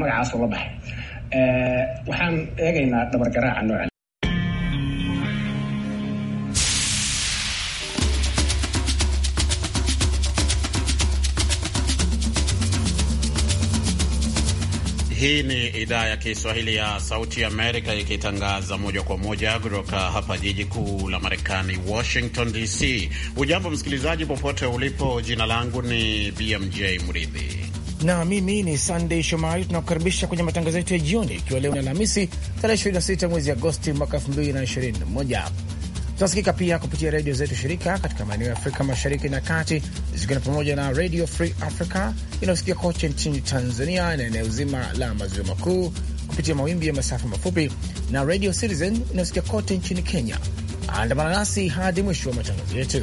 magacaas la baxay waxaan eegaynaa garaaca nooca Hii ni idhaa ya Kiswahili ya Sauti Amerika ikitangaza moja kwa moja kutoka hapa jiji kuu la Marekani, Washington DC. ujambo msikilizaji, popote ulipo. Jina langu ni BMJ Mridhi na mimi ni Sandey Shomari. Tunakukaribisha kwenye matangazo yetu ya jioni, ikiwa leo ni Alhamisi tarehe 26 mwezi Agosti mwaka 2021. Tunasikika pia kupitia redio zetu shirika katika maeneo ya Afrika mashariki na kati, zikiwa pamoja na Radio Free Africa inayosikia kote nchini Tanzania na eneo zima la maziwa makuu kupitia mawimbi ya masafa mafupi na Radio Citizen inayosikia kote nchini Kenya. Andamana nasi hadi mwisho wa matangazo yetu.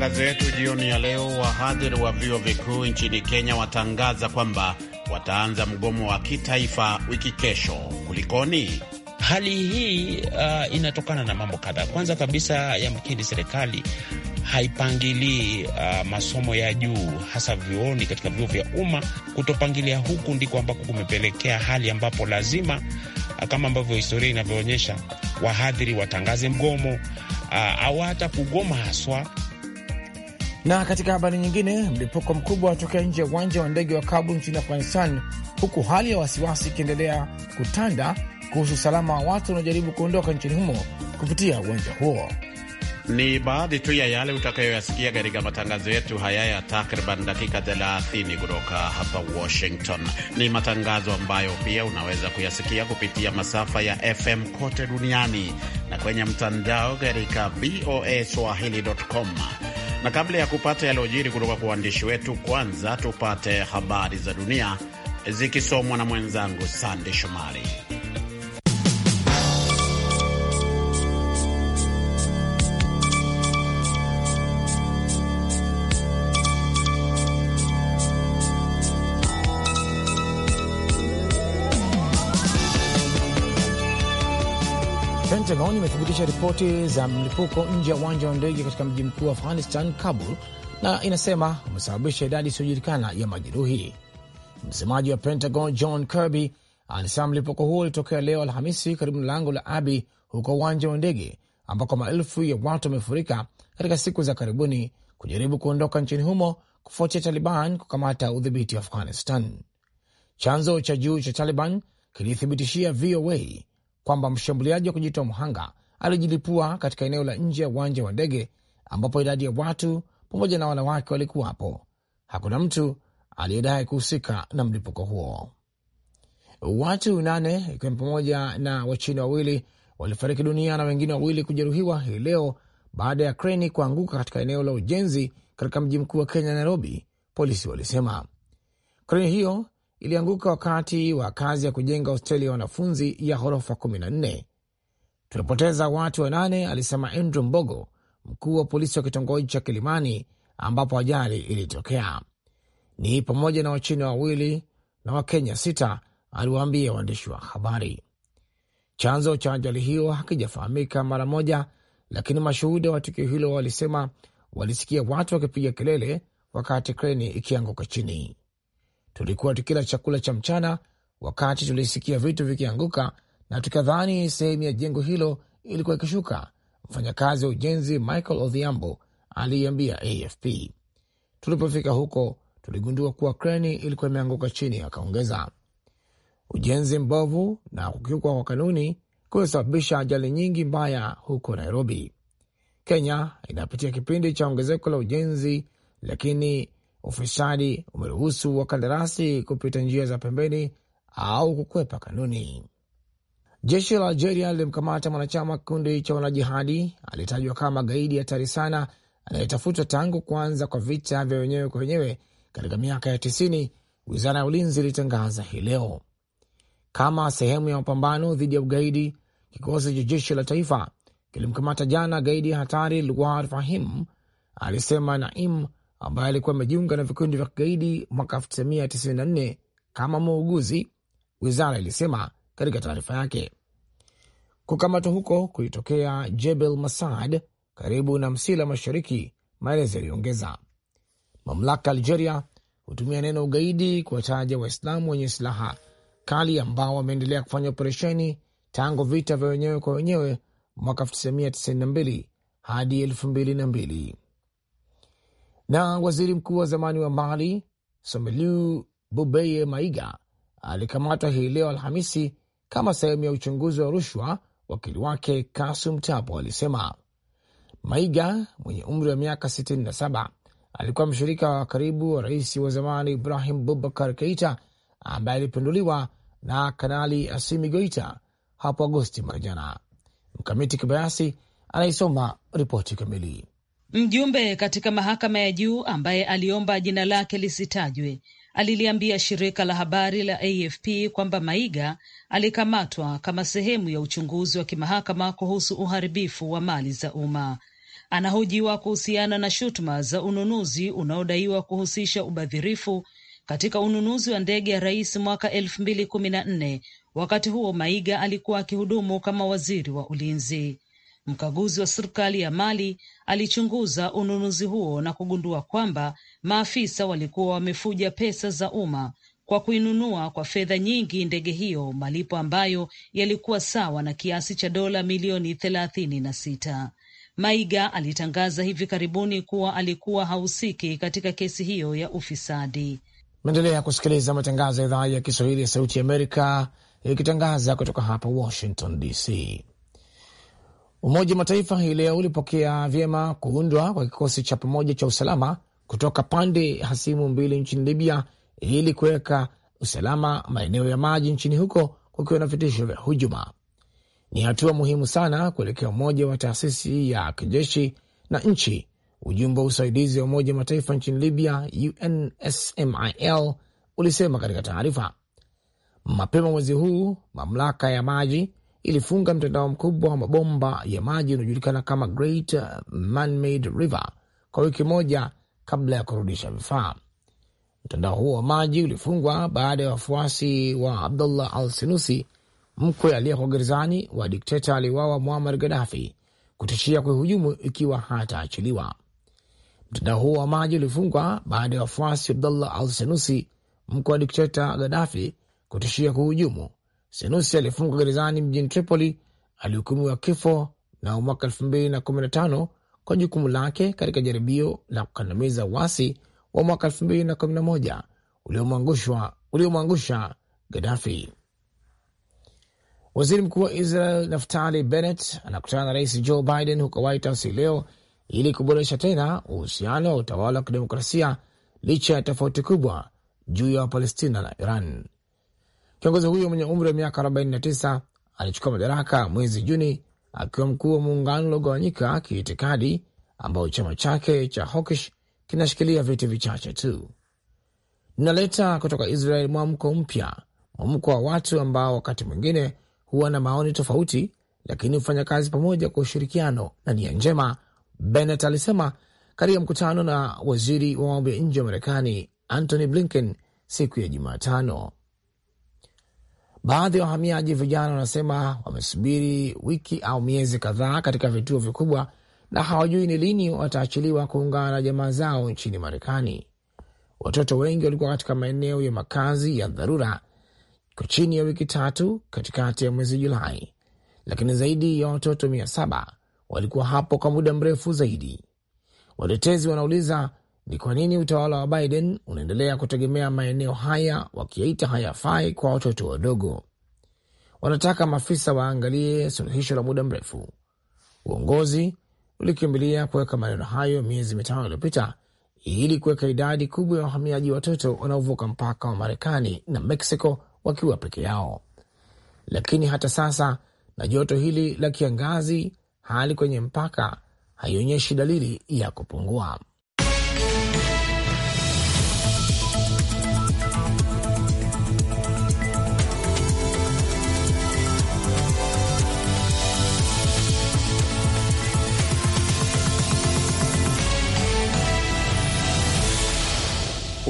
matangazo yetu jioni ya leo, wahadhiri wa vyuo vikuu nchini Kenya watangaza kwamba wataanza mgomo wa kitaifa wiki kesho. Kulikoni? Hali hii uh, inatokana na mambo kadhaa. Kwanza kabisa, yamkini serikali haipangilii uh, masomo ya juu hasa vyuoni, katika vyuo vya umma. Kutopangilia huku ndiko ambako kumepelekea hali ambapo lazima uh, kama ambavyo historia inavyoonyesha wahadhiri watangaze mgomo uh, au hata kugoma haswa na katika habari nyingine, mlipuko mkubwa watokea nje ya uwanja wa ndege wa Kabul nchini Afghanistan, huku hali ya wasiwasi ikiendelea kutanda kuhusu usalama wa watu wanaojaribu kuondoka nchini humo kupitia uwanja huo. Ni baadhi tu ya yale utakayoyasikia katika matangazo yetu haya ya takriban dakika 30 kutoka hapa Washington. Ni matangazo ambayo pia unaweza kuyasikia kupitia masafa ya FM kote duniani na kwenye mtandao katika voa swahili.com. Na kabla ya kupata yaliyojiri kutoka kwa waandishi wetu, kwanza tupate habari za dunia zikisomwa na mwenzangu Sande Shomari. Pentagon imethibitisha ripoti za mlipuko nje ya uwanja wa ndege katika mji mkuu wa Afghanistan, Kabul, na inasema umesababisha idadi isiyojulikana ya majeruhi. Msemaji wa Pentagon John Kirby alisema mlipuko huo ulitokea leo Alhamisi karibu na lango la Abi huko uwanja wa ndege ambako maelfu ya watu wamefurika katika siku za karibuni kujaribu kuondoka nchini humo kufuatia Taliban kukamata udhibiti wa Afghanistan. Chanzo cha juu cha Taliban kilithibitishia VOA kwamba mshambuliaji wa kujitoa mhanga alijilipua katika eneo la nje ya uwanja wa ndege ambapo idadi ya watu pamoja na wanawake walikuwapo. Hakuna mtu aliyedai kuhusika na mlipuko huo. Watu nane ikiwa ni pamoja na Wachina wawili walifariki dunia na wengine wawili kujeruhiwa hii leo baada ya kreni kuanguka katika eneo la ujenzi katika mji mkuu wa Kenya, Nairobi, polisi walisema. Kreni hiyo ilianguka wakati wa kazi ya kujenga hosteli ya wanafunzi ya ghorofa 14. Tumepoteza watu wanane, alisema Andrew Mbogo, mkuu wa polisi wa kitongoji cha Kilimani ambapo ajali ilitokea. Ni pamoja na Wachina wawili na Wakenya sita, aliwaambia waandishi wa habari. Chanzo cha ajali hiyo hakijafahamika mara moja, lakini mashuhuda wa tukio hilo walisema walisikia watu wakipiga kelele wakati kreni ikianguka chini. Tulikuwa tukila chakula cha mchana wakati tulisikia vitu vikianguka na tukadhani sehemu ya jengo hilo ilikuwa ikishuka, mfanyakazi wa ujenzi Michael Odhiambo aliiambia AFP. Tulipofika huko tuligundua kuwa kreni ilikuwa imeanguka chini, akaongeza. Ujenzi mbovu na kukiukwa kwa kanuni kumesababisha ajali nyingi mbaya huko Nairobi. Kenya inapitia kipindi cha ongezeko la ujenzi, lakini Ufisadi umeruhusu wakandarasi kupita njia za pembeni au kukwepa kanuni. Jeshi la Algeria lilimkamata mwanachama kikundi cha wanajihadi aliyetajwa kama gaidi hatari sana anayetafutwa tangu kuanza kwa vita vya wenyewe kwa wenyewe katika miaka ya tisini. Wizara ya ulinzi ilitangaza hii leo kama sehemu ya mapambano dhidi ya ugaidi. Kikosi cha jeshi la taifa kilimkamata jana gaidi hatari Luar Fahim, alisema Naim ambaye alikuwa amejiunga na vikundi vya kigaidi mwaka 1994 kama muuguzi, wizara ilisema katika taarifa yake. Kukamatwa huko kulitokea Jebel Masad karibu na Msila Mashariki, maelezo yaliongeza. Mamlaka Algeria hutumia neno ugaidi kuwataja Waislamu wenye silaha kali ambao wameendelea kufanya operesheni tangu vita vya wenyewe kwa wenyewe mwaka 1992 hadi 2002. Na waziri mkuu wa zamani wa Mali Someliu Bubeye Maiga alikamatwa hii leo Alhamisi kama sehemu ya uchunguzi wa rushwa, wakili wake Kasum Tapo alisema. Maiga mwenye umri wa miaka 67 alikuwa mshirika wa karibu wa rais wa zamani Ibrahim Bubakar Keita ambaye alipinduliwa na Kanali Asimi Goita hapo Agosti mwaka jana. Mkamiti Kibayasi anaisoma ripoti kamili. Mjumbe katika mahakama ya juu ambaye aliomba jina lake lisitajwe aliliambia shirika la habari la AFP kwamba Maiga alikamatwa kama sehemu ya uchunguzi wa kimahakama kuhusu uharibifu wa mali za umma. Anahojiwa kuhusiana na shutuma za ununuzi unaodaiwa kuhusisha ubadhirifu katika ununuzi wa ndege ya rais mwaka elfu mbili kumi na nne. Wakati huo Maiga alikuwa akihudumu kama waziri wa ulinzi. Mkaguzi wa serikali ya Mali alichunguza ununuzi huo na kugundua kwamba maafisa walikuwa wamefuja pesa za umma kwa kuinunua kwa fedha nyingi ndege hiyo, malipo ambayo yalikuwa sawa na kiasi cha dola milioni thelathini na sita. Maiga alitangaza hivi karibuni kuwa alikuwa hahusiki katika kesi hiyo ya ufisadi. Maendelea kusikiliza matangazo ya idhaa ya Kiswahili ya Sauti ya Amerika ikitangaza kutoka hapa Washington DC. Umoja wa Mataifa hii leo ulipokea vyema kuundwa kwa kikosi cha pamoja cha usalama kutoka pande hasimu mbili nchini Libya ili kuweka usalama maeneo ya maji nchini huko kukiwa na vitisho vya hujuma. Ni hatua muhimu sana kuelekea umoja wa taasisi ya kijeshi na nchi. Ujumbe wa usaidizi wa Umoja wa Mataifa nchini Libya, UNSMIL, ulisema katika taarifa mapema mwezi huu. Mamlaka ya maji ilifunga mtandao mkubwa wa mabomba ya maji unaojulikana kama Great Manmade River kwa wiki moja kabla ya kurudisha vifaa. Mtandao huo wa maji ulifungwa baada ya wafuasi wa Abdullah Al Sinusi, mkwe aliyeko gerezani wa dikteta aliwawa Muammar Gaddafi, kutishia kuihujumu ikiwa hataachiliwa. Mtandao huo wa maji ulifungwa baada ya wafuasi Abdullah Al Sinusi, mkwe wa dikteta Gaddafi, kutishia kuhujumu Senusi alifungwa gerezani mjini Tripoli, alihukumiwa kifo na mwaka elfu mbili na kumi na tano kwa jukumu lake katika jaribio la kukandamiza uasi wa mwaka elfu mbili na kumi na moja uliomwangusha Gaddafi. Waziri mkuu wa Israel Naftali Bennett anakutana na rais Joe Biden huko White House leo ili kuboresha tena uhusiano wa utawala wa kidemokrasia licha ya tofauti kubwa juu ya Wapalestina na Iran. Kiongozi huyo mwenye umri wa miaka 49 alichukua madaraka mwezi Juni akiwa mkuu wa muungano uliogawanyika kiitikadi ambao chama chake cha Hawkish kinashikilia viti vichache tu. naleta kutoka Israel mwamko mpya, mwamko wa watu ambao wakati mwingine huwa na maoni tofauti, lakini hufanya kazi pamoja kwa ushirikiano na nia njema, Bennett alisema katika mkutano na waziri wa mambo ya nje wa Marekani Antony Blinken siku ya Jumatano. Baadhi ya wahamiaji vijana wanasema wamesubiri wiki au miezi kadhaa katika vituo vikubwa na hawajui ni lini wataachiliwa kuungana na jamaa zao nchini Marekani. Watoto wengi walikuwa katika maeneo ya makazi ya dharura kwa chini ya wiki tatu katikati ya mwezi Julai, lakini zaidi ya watoto mia saba walikuwa hapo kwa muda mrefu zaidi. Watetezi wanauliza ni kwa nini utawala wa Biden unaendelea kutegemea maeneo haya, wakiyaita hayafai kwa watoto wadogo. Wanataka maafisa waangalie suluhisho la muda mrefu. Uongozi ulikimbilia kuweka maneno hayo miezi mitano iliyopita ili kuweka idadi kubwa ya wahamiaji watoto wanaovuka mpaka wa Marekani na Meksiko wakiwa peke yao. Lakini hata sasa, na joto hili la kiangazi, hali kwenye mpaka haionyeshi dalili ya kupungua.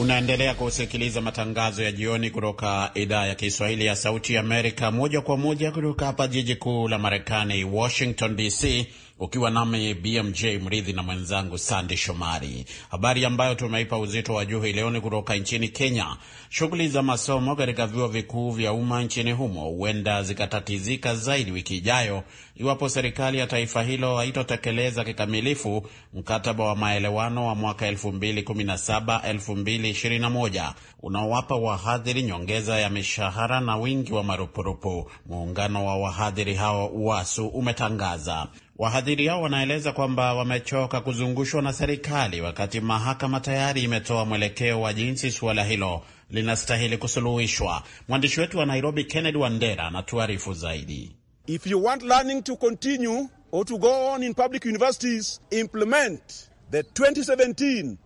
Unaendelea kusikiliza matangazo ya jioni kutoka idhaa ya Kiswahili ya Sauti ya Amerika, moja kwa moja kutoka hapa jiji kuu la Marekani, Washington DC ukiwa nami BMJ Mridhi na mwenzangu sandi Shomari. Habari ambayo tumeipa uzito wa juu hii leo ni kutoka nchini Kenya. Shughuli za masomo katika vyuo vikuu vya umma nchini humo huenda zikatatizika zaidi wiki ijayo iwapo serikali ya taifa hilo haitotekeleza kikamilifu mkataba wa maelewano wa mwaka 2017-2021 unaowapa wahadhiri nyongeza ya mishahara na wingi wa marupurupu. Muungano wa wahadhiri hao UASU umetangaza Wahadhiri hao wanaeleza kwamba wamechoka kuzungushwa na serikali, wakati mahakama tayari imetoa mwelekeo wa jinsi suala hilo linastahili kusuluhishwa. Mwandishi wetu wa Nairobi, Kennedy Wandera, anatuarifu zaidi. If you want learning to continue or to go on in public universities, implement the 2017-2021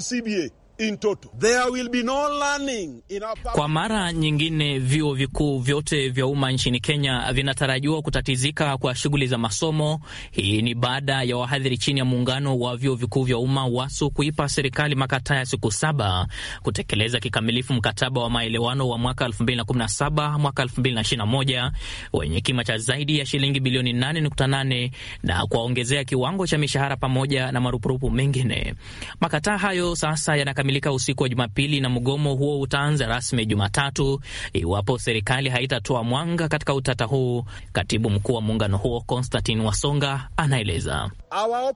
CBA in There will be no learning in our... Kwa mara nyingine vyuo vikuu vyote vya umma nchini Kenya vinatarajiwa kutatizika kwa shughuli za masomo. Hii ni baada ya wahadhiri chini ya muungano wa vyuo vikuu vya umma WASU kuipa serikali makataa ya siku saba kutekeleza kikamilifu mkataba wa maelewano wa mwaka 2017 mwaka 2021 wenye kima cha zaidi ya shilingi bilioni 8.8 na kuwaongezea kiwango cha mishahara pamoja na marupurupu mengine. Makataa hayo sasa yanakamilika kukamilika usiku wa Jumapili na mgomo huo utaanza rasmi Jumatatu iwapo serikali haitatoa mwanga katika utata huu. Katibu mkuu wa muungano huo Konstantin Wasonga anaeleza our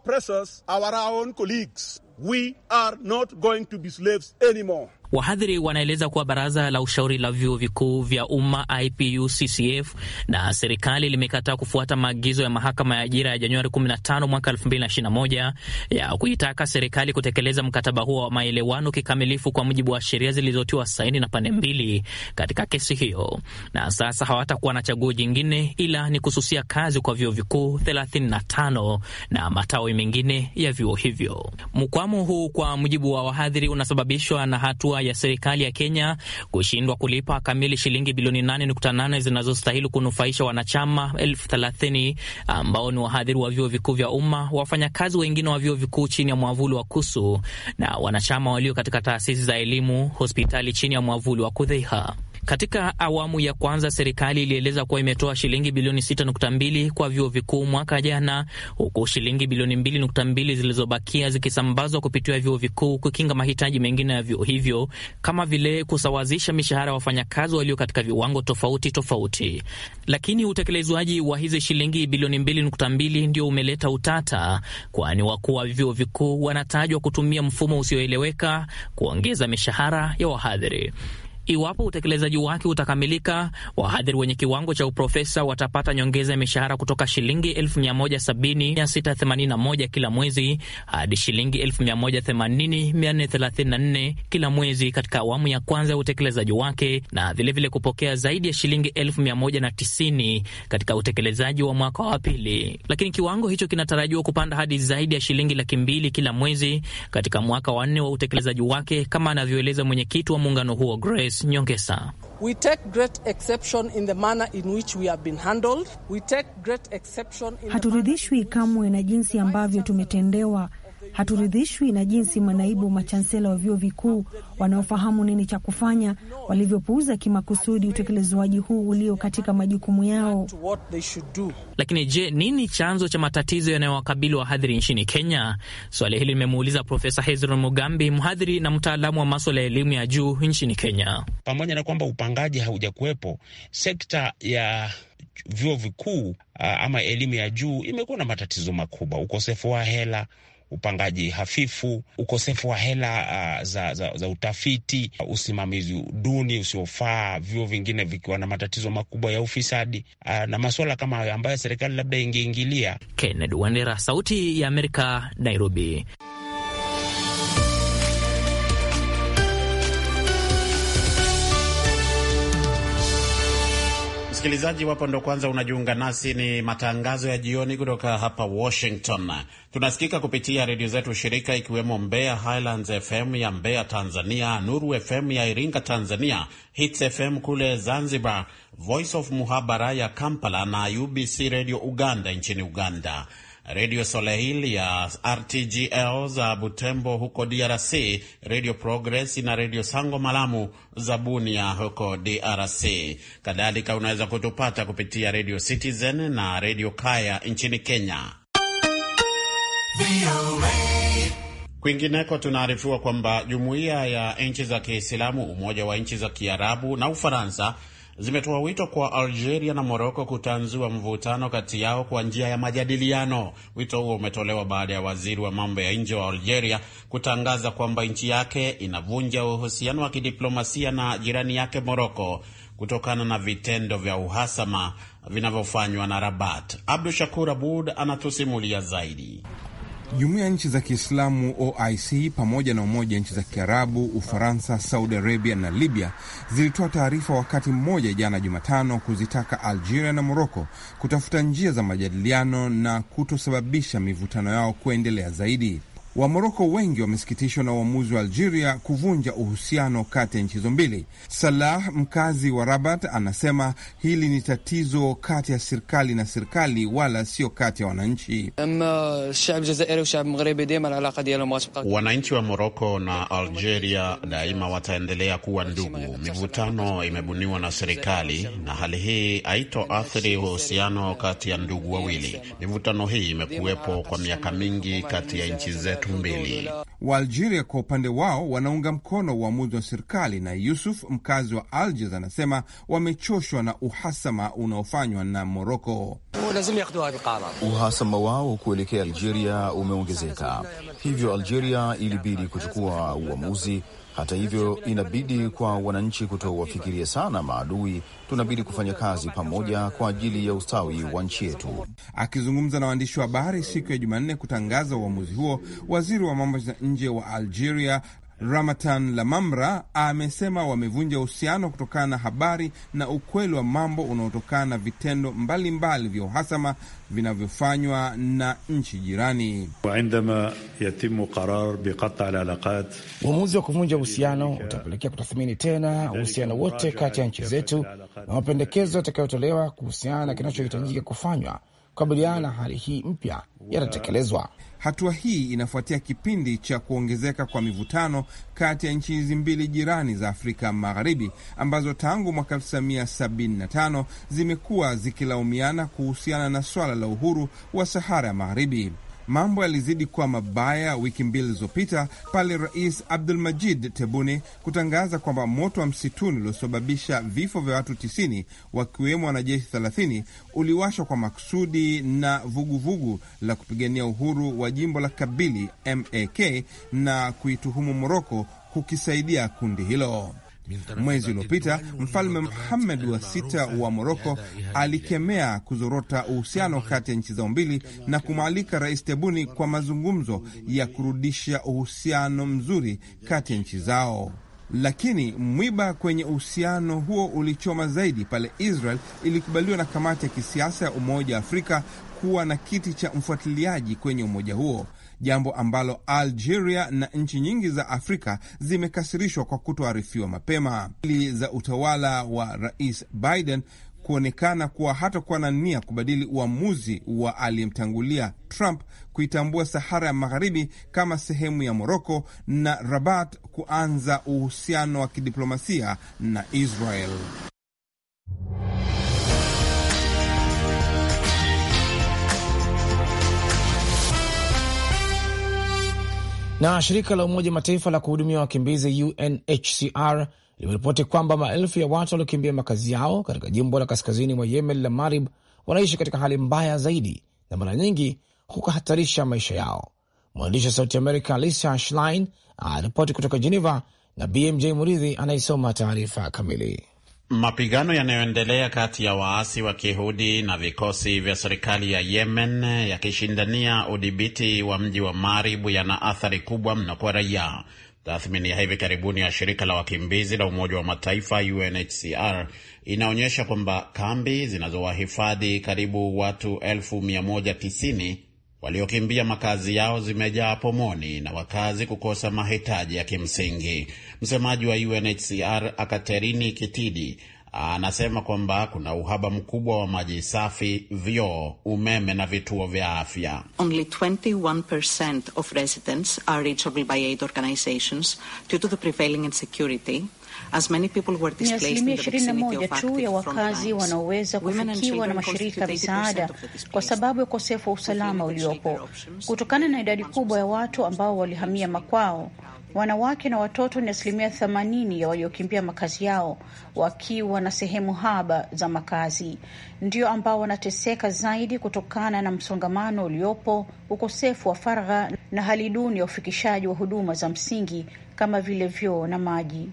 Wahadhiri wanaeleza kuwa baraza la ushauri la vyuo vikuu vya umma IPUCCF na serikali limekataa kufuata maagizo ya mahakama ya ajira ya Januari 15 mwaka 2021 ya kuitaka serikali kutekeleza mkataba huo wa maelewano kikamilifu kwa mujibu wa sheria zilizotiwa saini na pande mbili katika kesi hiyo, na sasa hawatakuwa na chaguo jingine ila ni kususia kazi kwa vyuo vikuu 35 na matawi mengine ya vyuo hivyo. Mkwamo huu kwa mujibu wa wahadhiri unasababishwa na hatua ya serikali ya Kenya kushindwa kulipa kamili shilingi bilioni 8.8 zinazostahili kunufaisha wanachama elfu thelathini ambao ni wahadhiri wa vyuo vikuu vya umma, wafanyakazi wengine wa vyuo vikuu chini ya mwavuli wa KUSU na wanachama walio katika taasisi za elimu, hospitali chini ya mwavuli wa KUDHIHA. Katika awamu ya kwanza, serikali ilieleza kuwa imetoa shilingi bilioni 6.2 kwa vyuo vikuu mwaka jana, huku shilingi bilioni 2.2 zilizobakia zikisambazwa kupitia vyuo vikuu kukinga mahitaji mengine ya vyuo hivyo kama vile kusawazisha mishahara ya wafanyakazi walio katika viwango tofauti tofauti. Lakini utekelezwaji wa hizi shilingi bilioni 2.2 ndio umeleta utata, kwani wakuu wa vyuo vikuu wanatajwa kutumia mfumo usioeleweka kuongeza mishahara ya wahadhiri. Iwapo utekelezaji wake utakamilika, wahadhiri wenye kiwango cha uprofesa watapata nyongeza ya mishahara kutoka shilingi 170681 kila mwezi hadi shilingi 180434 kila mwezi katika awamu ya kwanza ya utekelezaji wake, na vilevile vile kupokea zaidi ya shilingi 190 katika utekelezaji wa mwaka wa pili. Lakini kiwango hicho kinatarajiwa kupanda hadi zaidi ya shilingi laki mbili kila mwezi katika mwaka wa nne wa utekelezaji wake, kama anavyoeleza mwenyekiti wa muungano huo Grace Agnes Nyongesa. We take great exception in the manner in which we have been handled. We take great exception in... Haturidhishwi kamwe na jinsi ambavyo tumetendewa Haturidhishwi na jinsi manaibu machansela wa vyuo vikuu wanaofahamu nini cha kufanya walivyopuuza kimakusudi utekelezwaji huu ulio katika majukumu yao. Lakini je, nini chanzo cha matatizo yanayowakabili wahadhiri nchini Kenya? Swali hili limemuuliza Profesa Hezron Mugambi, mhadhiri na mtaalamu wa maswala ya elimu ya juu nchini Kenya. Pamoja na kwamba upangaji haujakuwepo, sekta ya vyuo vikuu ama elimu ya juu imekuwa na matatizo makubwa, ukosefu wa hela upangaji hafifu, ukosefu wa hela uh, za, za, za utafiti, uh, usimamizi duni usiofaa, vyuo vingine vikiwa na matatizo makubwa ya ufisadi uh, na masuala kama hayo ambayo serikali labda ingeingilia. Kennedy Wandera, Sauti ya Amerika, Nairobi. Msikilizaji wapo ndo kwanza unajiunga nasi, ni matangazo ya jioni kutoka hapa Washington. Tunasikika kupitia redio zetu shirika, ikiwemo Mbeya Highlands FM ya Mbeya Tanzania, Nuru FM ya Iringa Tanzania, Hits FM kule Zanzibar, Voice of Muhabara ya Kampala na UBC Radio Uganda nchini Uganda. Redio Soleil ya RTGL za Butembo huko DRC, Redio Progress na Redio Sango Malamu za Bunia huko DRC. Kadhalika unaweza kutupata kupitia Redio Citizen na Redio Kaya nchini Kenya. Kwingineko tunaarifiwa kwamba jumuiya ya nchi za Kiislamu, Umoja wa nchi za Kiarabu na Ufaransa zimetoa wito kwa Algeria na Moroko kutanzua mvutano kati yao kwa njia ya majadiliano. Wito huo umetolewa baada ya waziri wa mambo ya nje wa Algeria kutangaza kwamba nchi yake inavunja uhusiano wa kidiplomasia na jirani yake Moroko kutokana na vitendo vya uhasama vinavyofanywa na Rabat. Abdu Shakur Abud anatusimulia zaidi. Jumuiya ya nchi za Kiislamu OIC pamoja na Umoja nchi za Kiarabu, Ufaransa, Saudi Arabia na Libya zilitoa taarifa wakati mmoja jana Jumatano kuzitaka Algeria na Moroko kutafuta njia za majadiliano na kutosababisha mivutano yao kuendelea zaidi. Wamoroko wengi wamesikitishwa na uamuzi wa Algeria kuvunja uhusiano kati ya nchi hizo mbili. Salah, mkazi wa Rabat, anasema hili ni tatizo kati ya serikali na serikali, wala sio kati ya wananchi. Uh, wananchi wa Moroko na Algeria daima wataendelea kuwa ndugu. Mivutano imebuniwa na serikali, na hali hii haitoathiri uhusiano kati ya ndugu wawili. Mivutano hii imekuwepo kwa miaka mingi kati ya nchi zetu tatu mbili. Waalgeria kwa upande wao wanaunga mkono uamuzi wa serikali, na Yusuf mkazi wa Algiers anasema wamechoshwa na uhasama unaofanywa na Moroko. Uhasama wao kuelekea Algeria umeongezeka, hivyo Algeria ilibidi kuchukua uamuzi hata hivyo, inabidi kwa wananchi kutowafikiria sana maadui. Tunabidi kufanya kazi pamoja kwa ajili ya ustawi wa nchi yetu. Akizungumza na waandishi wa habari siku ya Jumanne kutangaza uamuzi huo, waziri wa mambo ya nje wa Algeria Ramatan Lamamra amesema wamevunja uhusiano kutokana na habari na ukweli wa mambo unaotokana na vitendo mbalimbali vya uhasama vinavyofanywa na nchi jirani. Uamuzi wa kuvunja uhusiano utapelekea kutathmini tena uhusiano wote kati ya nchi zetu na mapendekezo yatakayotolewa kuhusiana na kinachohitajika kufanywa kukabiliana na hali hii mpya yatatekelezwa. Hatua hii inafuatia kipindi cha kuongezeka kwa mivutano kati ya nchi hizi mbili jirani za Afrika Magharibi ambazo tangu mwaka 1975 zimekuwa zikilaumiana kuhusiana na swala la uhuru wa Sahara ya Magharibi. Mambo yalizidi kuwa mabaya wiki mbili zilizopita pale Rais Abdul Majid Tebuni kutangaza kwamba moto wa msituni uliosababisha vifo vya watu 90 wakiwemo wanajeshi 30 uliwashwa kwa makusudi na vuguvugu vugu la kupigania uhuru wa jimbo la Kabili MAK na kuituhumu Moroko kukisaidia kundi hilo. Mwezi uliopita Mfalme Muhammad wa sita wa Moroko alikemea kuzorota uhusiano kati ya nchi zao mbili na kumwalika Rais Tebuni kwa mazungumzo ya kurudisha uhusiano mzuri kati ya nchi zao. Lakini mwiba kwenye uhusiano huo ulichoma zaidi pale Israel ilikubaliwa na kamati ya kisiasa ya Umoja wa Afrika kuwa na kiti cha mfuatiliaji kwenye umoja huo jambo ambalo Algeria na nchi nyingi za Afrika zimekasirishwa kwa kutoarifiwa mapema ili za utawala wa Rais Biden kuonekana kuwa hatakuwa na nia kubadili uamuzi wa aliyemtangulia Trump kuitambua Sahara ya Magharibi kama sehemu ya Moroko na Rabat kuanza uhusiano wa kidiplomasia na Israel. Na shirika la Umoja Mataifa la kuhudumia wakimbizi UNHCR limeripoti kwamba maelfu ya watu waliokimbia makazi yao katika jimbo la kaskazini mwa Yemen la Marib wanaishi katika hali mbaya zaidi na mara nyingi hukahatarisha maisha yao. Mwandishi wa Sauti Amerika Lisa Schlein anaripoti kutoka Geneva na BMJ Muridhi anayesoma taarifa kamili. Mapigano yanayoendelea kati ya waasi wa Kihudi na vikosi vya serikali ya Yemen yakishindania udhibiti wa mji wa Maribu yana athari kubwa mno kwa raia. Tathmini ya hivi karibuni ya shirika la wakimbizi la Umoja wa Mataifa UNHCR inaonyesha kwamba kambi zinazowahifadhi karibu watu elfu mia moja tisini waliokimbia makazi yao zimejaa pomoni na wakazi kukosa mahitaji ya kimsingi. Msemaji wa UNHCR Akaterini Kitidi anasema kwamba kuna uhaba mkubwa wa maji safi, vyoo, umeme na vituo vya afya. Only 21% of residents are reachable by aid organizations due to the prevailing insecurity. Ni asilimia ishirini na moja tu ya wakazi wanaoweza kufikiwa na mashirika ya misaada kwa sababu ya ukosefu wa usalama uliopo kutokana na idadi kubwa ya watu ambao walihamia makwao. Wanawake na watoto ni asilimia themanini ya waliokimbia makazi yao wakiwa na sehemu haba za makazi, ndio ambao wanateseka zaidi kutokana na msongamano uliopo, ukosefu wa faragha na hali duni ya ufikishaji wa huduma za msingi kama vile vyoo na maji.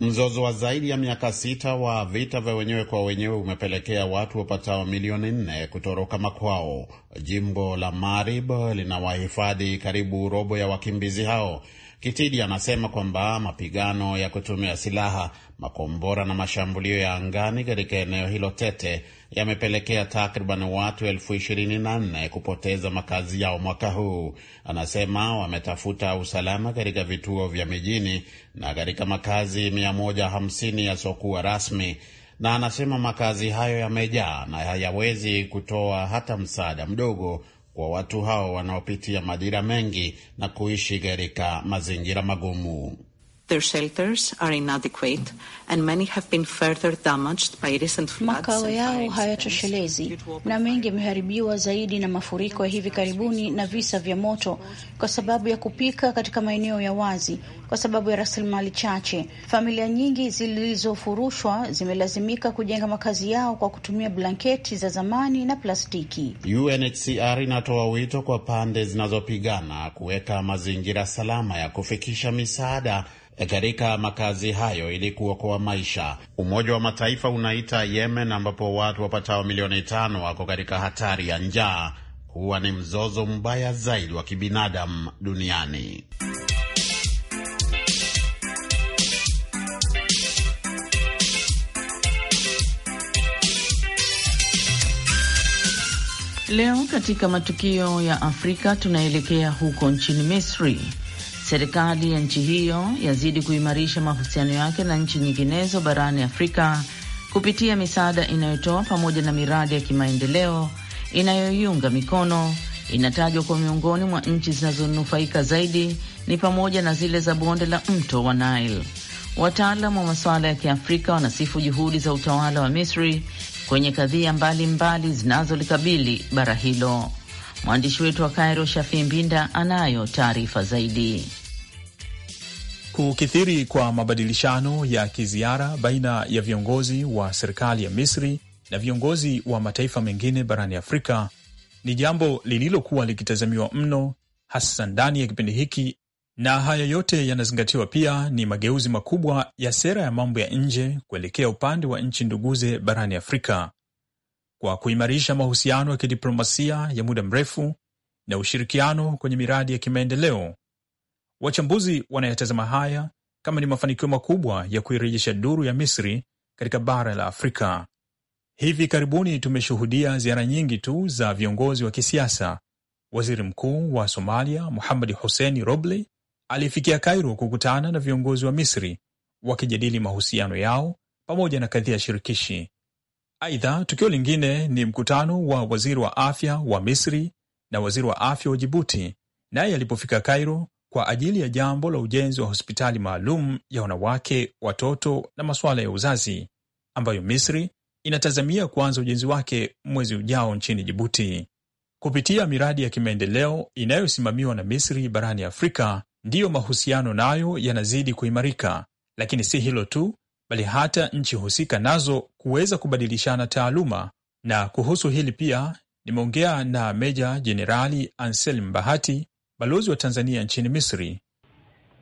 Mzozo wa zaidi ya miaka sita wa vita vya wenyewe kwa wenyewe umepelekea watu wapatao milioni nne kutoroka makwao. Jimbo la Marib lina wahifadhi karibu robo ya wakimbizi hao Kitidi anasema kwamba mapigano ya kutumia silaha, makombora na mashambulio ya angani katika eneo hilo tete yamepelekea takriban watu elfu ishirini na nne kupoteza makazi yao mwaka huu. Anasema wametafuta usalama katika vituo vya mijini na katika makazi 150 yasiokuwa rasmi, na anasema makazi hayo yamejaa na hayawezi kutoa hata msaada mdogo kwa watu hao wanaopitia madhira mengi na kuishi katika mazingira magumu. Makao yao hayatoshelezi na mengi yameharibiwa zaidi na mafuriko ya hivi karibuni na visa vya moto, kwa sababu ya kupika katika maeneo ya wazi kwa sababu ya rasilimali chache. Familia nyingi zilizofurushwa zimelazimika kujenga makazi yao kwa kutumia blanketi za zamani na plastiki. UNHCR inatoa wito kwa pande zinazopigana kuweka mazingira salama ya kufikisha misaada katika makazi hayo ili kuokoa maisha. Umoja wa Mataifa unaita Yemen, ambapo watu wapatao milioni tano wako katika hatari ya njaa, huwa ni mzozo mbaya zaidi wa kibinadamu duniani. Leo katika matukio ya Afrika tunaelekea huko nchini Misri. Serikali ya nchi hiyo yazidi kuimarisha mahusiano yake na nchi nyinginezo barani Afrika kupitia misaada inayotoa pamoja na miradi ya kimaendeleo inayoiunga mikono. Inatajwa kwa miongoni mwa nchi zinazonufaika zaidi ni pamoja na zile za bonde la mto wa Nile. wataalam wa masuala ya Kiafrika wanasifu juhudi za utawala wa Misri kwenye kadhia mbalimbali zinazolikabili bara hilo. Mwandishi wetu wa Kairo, Shafii Mbinda, anayo taarifa zaidi. Kukithiri kwa mabadilishano ya kiziara baina ya viongozi wa serikali ya Misri na viongozi wa mataifa mengine barani Afrika ni jambo lililokuwa likitazamiwa mno hasa ndani ya kipindi hiki na haya yote yanazingatiwa pia ni mageuzi makubwa ya sera ya mambo ya nje kuelekea upande wa nchi nduguze barani Afrika kwa kuimarisha mahusiano ya kidiplomasia ya muda mrefu na ushirikiano kwenye miradi ya kimaendeleo. Wachambuzi wanayatazama haya kama ni mafanikio makubwa ya kuirejesha duru ya Misri katika bara la Afrika. Hivi karibuni tumeshuhudia ziara nyingi tu za viongozi wa kisiasa. Waziri Mkuu wa Somalia Muhammad Hussein Roble alifikia Kairo kukutana na viongozi wa Misri wakijadili mahusiano yao pamoja na kadhia shirikishi. Aidha, tukio lingine ni mkutano wa waziri wa afya wa Misri na waziri wa afya wa Jibuti naye alipofika Kairo kwa ajili ya jambo la ujenzi wa hospitali maalum ya wanawake, watoto na masuala ya uzazi ambayo Misri inatazamia kuanza ujenzi wake mwezi ujao nchini Jibuti kupitia miradi ya kimaendeleo inayosimamiwa na Misri barani Afrika ndiyo mahusiano nayo yanazidi kuimarika. Lakini si hilo tu, bali hata nchi husika nazo kuweza kubadilishana taaluma. Na kuhusu hili pia nimeongea na Meja Jenerali Anselm Bahati, balozi wa Tanzania nchini Misri.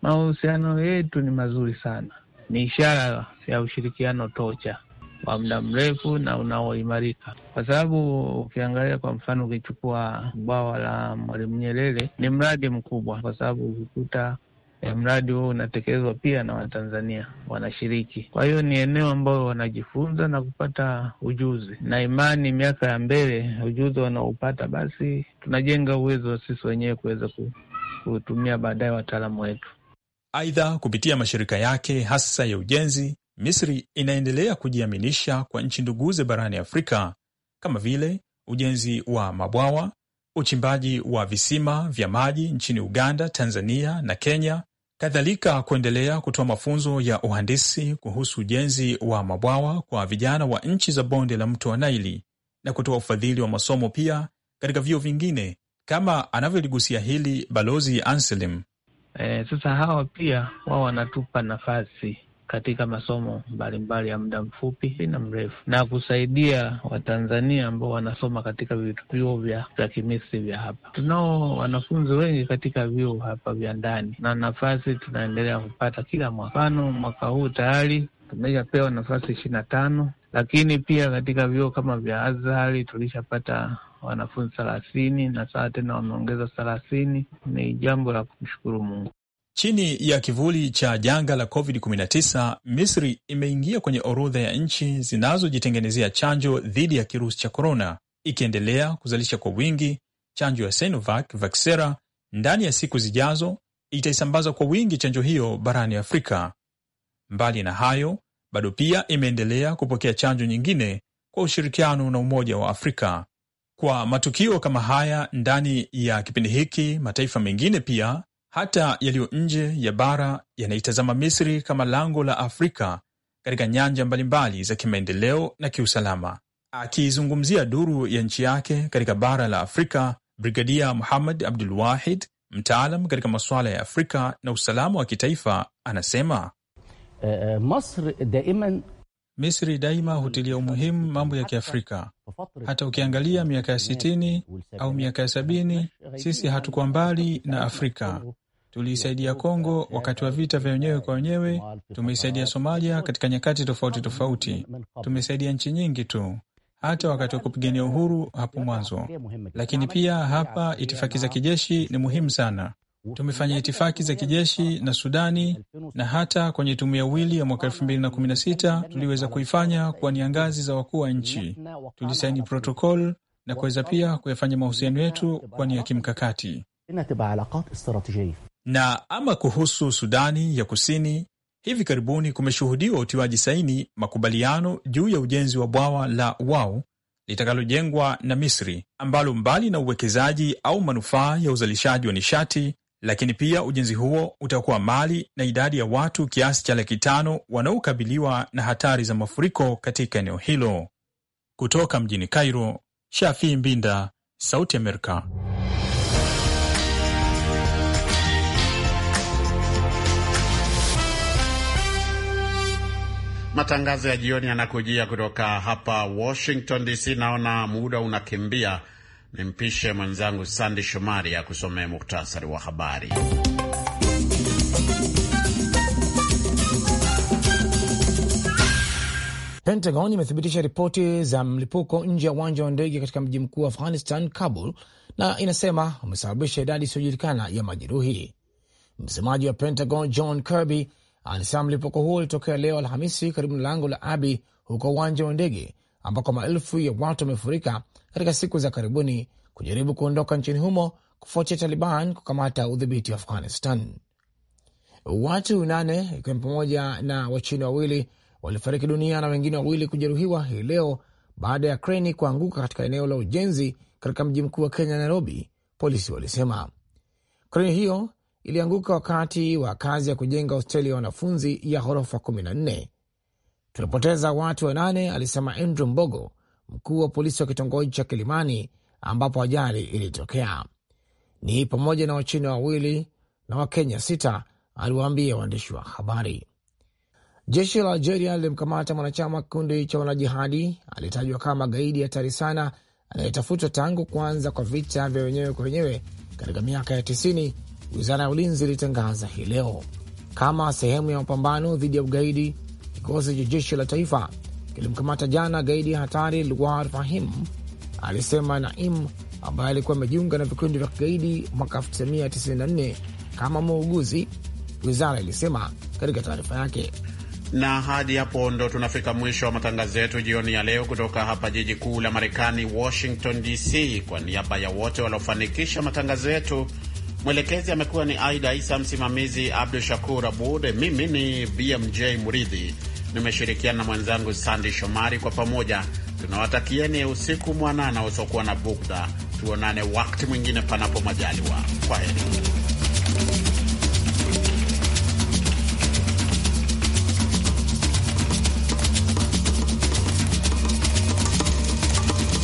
Mahusiano yetu ni mazuri sana, ni ishara ya ushirikiano tocha wa muda mrefu na unaoimarika, kwa sababu ukiangalia, kwa mfano, ukichukua bwawa la Mwalimu Nyerere ni mradi mkubwa, kwa sababu ukikuta e, mradi huo unatekelezwa pia na Watanzania wanashiriki. Kwa hiyo ni eneo ambayo wanajifunza na kupata ujuzi na imani, miaka ya mbele ujuzi wanaopata, basi tunajenga uwezo wa sisi wenyewe kuweza kutumia baadaye wataalamu wetu. Aidha, kupitia mashirika yake hasa ya ujenzi Misri inaendelea kujiaminisha kwa nchi nduguze barani Afrika kama vile ujenzi wa mabwawa, uchimbaji wa visima vya maji nchini Uganda, Tanzania na Kenya, kadhalika kuendelea kutoa mafunzo ya uhandisi kuhusu ujenzi wa mabwawa kwa vijana wa nchi za bonde la mto wa Naili na kutoa ufadhili wa masomo pia katika vyuo vingine, kama anavyoligusia hili Balozi Anselim. Eh, sasa hawa pia wao wanatupa nafasi katika masomo mbalimbali ya muda mfupi na mrefu na kusaidia Watanzania ambao wanasoma katika vituo vya kimisi vya hapa. Tunao wanafunzi wengi katika vyuo hapa vya ndani na nafasi tunaendelea kupata kila mwaka. Mfano, mwaka huu tayari tumeshapewa nafasi ishirini na tano lakini pia katika vyuo kama vya Azhari tulishapata wanafunzi thelathini na sasa tena wameongeza thelathini. Ni jambo la kumshukuru Mungu. Chini ya kivuli cha janga la COVID-19, Misri imeingia kwenye orodha ya nchi zinazojitengenezea chanjo dhidi ya kirusi cha korona, ikiendelea kuzalisha kwa wingi chanjo ya Sinovac Vaxera. Ndani ya siku zijazo itaisambaza kwa wingi chanjo hiyo barani Afrika. Mbali na hayo, bado pia imeendelea kupokea chanjo nyingine kwa ushirikiano na Umoja wa Afrika. Kwa matukio kama haya ndani ya kipindi hiki, mataifa mengine pia hata yaliyo nje ya bara yanaitazama Misri kama lango la Afrika katika nyanja mbalimbali za kimaendeleo na kiusalama. Akiizungumzia duru ya nchi yake katika bara la Afrika, Brigadia Muhammad Abdul Wahid, mtaalam katika masuala ya Afrika na usalama wa kitaifa, anasema uh, Misri daima hutilia umuhimu mambo ya Kiafrika. Hata ukiangalia miaka ya sitini au miaka ya sabini, sisi hatukuwa mbali na Afrika. Tuliisaidia Kongo wakati wa vita vya wenyewe kwa wenyewe, tumeisaidia Somalia katika nyakati tofauti tofauti, tumesaidia nchi nyingi tu, hata wakati wa kupigania uhuru hapo mwanzo. Lakini pia hapa itifaki za kijeshi ni muhimu sana. Tumefanya itifaki za kijeshi na Sudani na hata kwenye tume ya wili ya mwaka elfu mbili na kumi na sita tuliweza kuifanya kuwa ni ngazi za wakuu wa nchi. Tulisaini protokol na kuweza pia kuyafanya mahusiano yetu kuwa ni ya kimkakati. Na ama kuhusu Sudani ya Kusini, hivi karibuni kumeshuhudiwa utiwaji saini makubaliano juu ya ujenzi wa bwawa la Wau litakalojengwa na Misri ambalo mbali na uwekezaji au manufaa ya uzalishaji wa nishati, lakini pia ujenzi huo utakuwa mali na idadi ya watu kiasi cha laki tano wanaokabiliwa na hatari za mafuriko katika eneo hilo. Kutoka mjini Cairo, Shafii Mbinda, Sauti Amerika. Matangazo ya jioni yanakujia kutoka hapa Washington DC. Naona muda unakimbia, nimpishe mwenzangu Sandi Shomari akusomee muktasari wa habari. Pentagon imethibitisha ripoti za mlipuko nje ya uwanja wa ndege katika mji mkuu wa Afghanistan, Kabul, na inasema umesababisha idadi isiyojulikana ya majeruhi. Msemaji wa Pentagon John Kirby alisema mlipuko huo ulitokea leo Alhamisi karibu na lango la Abi huko uwanja wa ndege ambako maelfu ya watu wamefurika katika siku za karibuni kujaribu kuondoka nchini humo kufuatia Taliban kukamata udhibiti wa Afghanistan. Watu nane ikiwa pamoja na Wachina wawili walifariki dunia na wengine wawili kujeruhiwa hii leo baada ya kreni kuanguka katika eneo la ujenzi katika mji mkuu wa Kenya, Nairobi, polisi walisema. Kreni hiyo ilianguka wakati wa kazi ya kujenga hosteli ya wanafunzi ya ghorofa 14. Tulipoteza watu wanane, alisema Andrew Mbogo, mkuu wa polisi wa kitongoji cha Kilimani ambapo ajali ilitokea. Ni pamoja na Wachina wawili na Wakenya sita, aliwaambia waandishi wa habari. Jeshi la Algeria lilimkamata mwanachama kikundi cha wanajihadi aliyetajwa kama gaidi hatari sana anayetafutwa tangu kuanza kwa vita vya wenyewe kwa wenyewe katika miaka ya 90 wizara ya ulinzi ilitangaza hii leo. Kama sehemu ya mapambano dhidi ya ugaidi, kikosi cha jeshi la taifa kilimkamata jana gaidi hatari Luar Fahim, alisema Naim, ambaye alikuwa amejiunga na vikundi vya kigaidi mwaka 1994 kama muuguzi, wizara ilisema katika taarifa yake. Na hadi hapo ndo tunafika mwisho wa matangazo yetu jioni ya leo, kutoka hapa jiji kuu la Marekani, Washington DC. Kwa niaba ya wote waliofanikisha matangazo yetu Mwelekezi amekuwa ni Aida Isa, msimamizi Abdu Shakur Abud. Mimi ni BMJ Muridhi, nimeshirikiana na mwenzangu Sandi Shomari. Kwa pamoja tunawatakieni usiku mwanana usiokuwa na bugdha. Tuonane wakati mwingine, panapo majaliwa. Kwa heri.